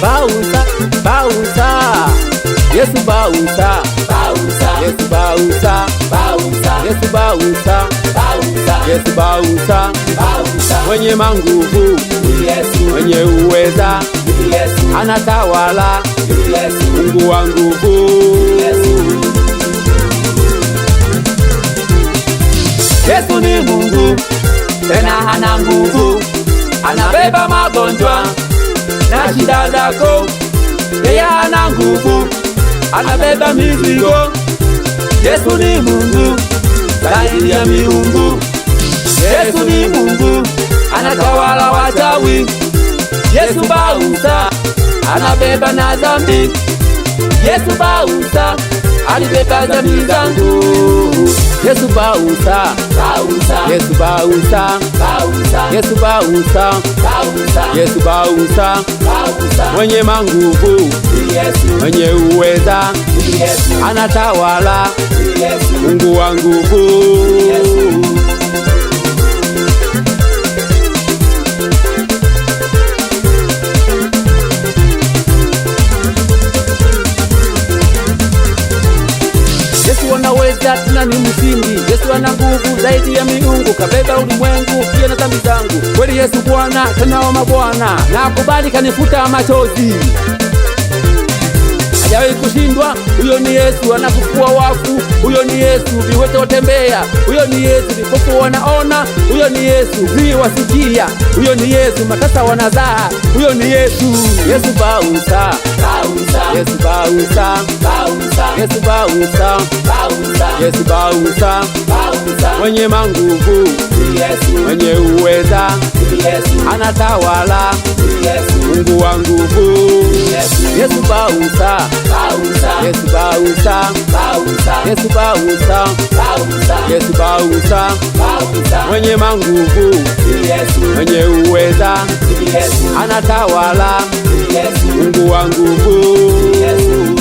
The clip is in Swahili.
Bausa, bausa, Yesu bausa, bausa, Yesu bausa, bausa, Yesu bausa, bausa, Yesu bausa, bausa, Mwenye manguvu, Yesu. Mwenye uweza, Yesu. Anatawala, Yesu. Mungu wa nguvu, Yesu. Yesu ni Mungu, tena hana nguvu, anabeba magonjwa shida zako. Yeye ana nguvu, anabeba mizigo. Yesu ni Mungu zaidi ya miungu. Yesu ni Mungu, anatawala wachawi. Yesu bausa, anabeba na dhambi. Yesu bausa alibeba dhambi zangu. Yesu bausa bausa, Yesu bausa bausa, Yesu bausa bausa, Yesu bausa bausa, mwenye manguvu mwenye uweza, anatawala Mungu wa nguvu Kanisa ni msingi, Yesu ana nguvu zaidi ya miungu, kabeba ulimwengu pia na dhambi zangu. Kweli Yesu Bwana, tena bwana nakubali kanifuta machozi hajawahi kushindwa. Huyo ni Yesu, anakufua wafu. Huyo ni Yesu, viwete watembea. Huyo ni Yesu, vipofu wanaona. Huyo ni Yesu, viziwi wasikia. Huyo ni Yesu, matasa wanazaa. Huyo ni Yesu. Yesu bausa, Yesu bausa, Yesu bausa, Yesu bausa, mwenye manguvu, mwenye uweza, anatawala Mungu wa nguvu. Yesu bausa, Yesu bauza Yesu bausa, Yesu bausa, mwenye manguvu, mwenye uweza, anatawala, Mungu wa nguvu.